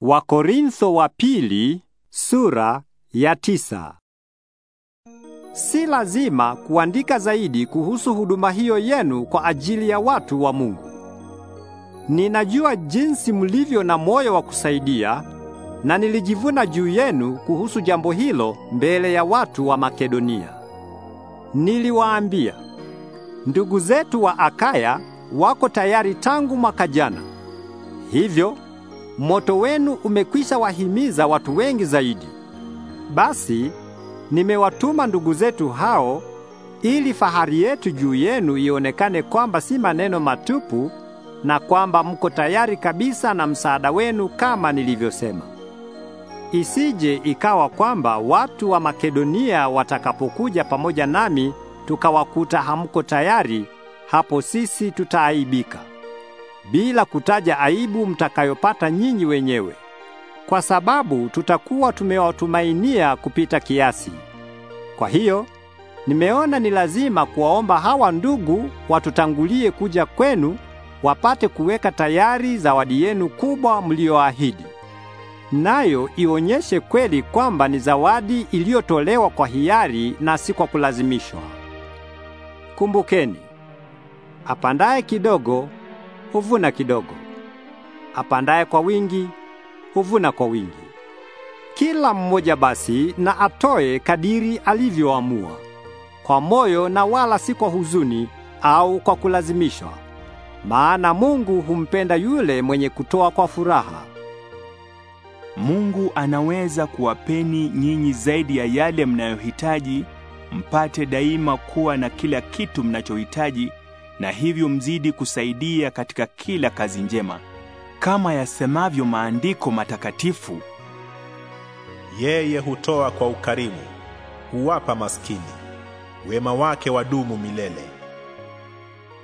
Wakorintho wa pili sura ya tisa. Si lazima kuandika zaidi kuhusu huduma hiyo yenu kwa ajili ya watu wa Mungu. Ninajua jinsi mlivyo na moyo wa kusaidia na nilijivuna juu yenu kuhusu jambo hilo mbele ya watu wa Makedonia. Niliwaambia, ndugu zetu wa Akaya wako tayari tangu mwaka jana. Hivyo moto wenu umekwisha wahimiza watu wengi zaidi. Basi nimewatuma ndugu zetu hao ili fahari yetu juu yenu ionekane kwamba si maneno matupu na kwamba mko tayari kabisa na msaada wenu kama nilivyosema. Isije ikawa kwamba watu wa Makedonia watakapokuja pamoja nami tukawakuta hamko tayari, hapo sisi tutaaibika bila kutaja aibu mtakayopata nyinyi wenyewe, kwa sababu tutakuwa tumewatumainia kupita kiasi. Kwa hiyo nimeona ni lazima kuwaomba hawa ndugu watutangulie kuja kwenu, wapate kuweka tayari zawadi yenu kubwa mlioahidi, nayo ionyeshe kweli kwamba ni zawadi iliyotolewa kwa hiari na si kwa kulazimishwa. Kumbukeni, apandaye kidogo huvuna kidogo. Apandaye kwa wingi huvuna kwa wingi. Kila mmoja basi na atoe kadiri alivyoamua, kwa moyo na wala si kwa huzuni au kwa kulazimishwa, maana Mungu humpenda yule mwenye kutoa kwa furaha. Mungu anaweza kuwapeni nyinyi zaidi ya yale mnayohitaji, mpate daima kuwa na kila kitu mnachohitaji na hivyo mzidi kusaidia katika kila kazi njema, kama yasemavyo maandiko matakatifu: yeye hutoa kwa ukarimu, huwapa maskini, wema wake wadumu milele.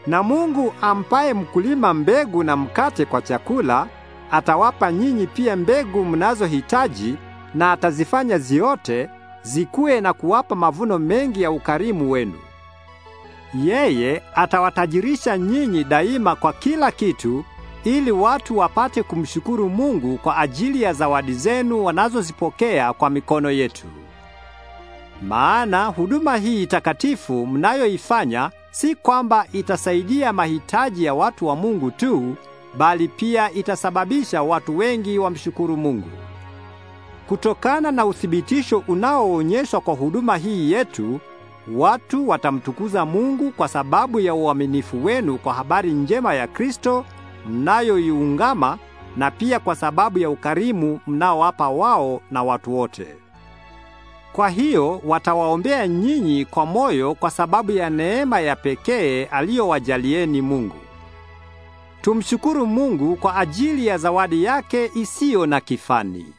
Na Mungu ampaye mkulima mbegu na mkate kwa chakula, atawapa nyinyi pia mbegu mnazohitaji na atazifanya ziote zikue na kuwapa mavuno mengi ya ukarimu wenu. Yeye atawatajirisha nyinyi daima kwa kila kitu ili watu wapate kumshukuru Mungu kwa ajili ya zawadi zenu wanazozipokea kwa mikono yetu. Maana huduma hii takatifu mnayoifanya si kwamba itasaidia mahitaji ya watu wa Mungu tu, bali pia itasababisha watu wengi wamshukuru Mungu. Kutokana na uthibitisho unaoonyeshwa kwa huduma hii yetu, Watu watamtukuza Mungu kwa sababu ya uaminifu wenu kwa habari njema ya Kristo mnayoiungama na pia kwa sababu ya ukarimu mnaowapa wao na watu wote. Kwa hiyo watawaombea nyinyi kwa moyo kwa sababu ya neema ya pekee aliyowajalieni Mungu. Tumshukuru Mungu kwa ajili ya zawadi yake isiyo na kifani.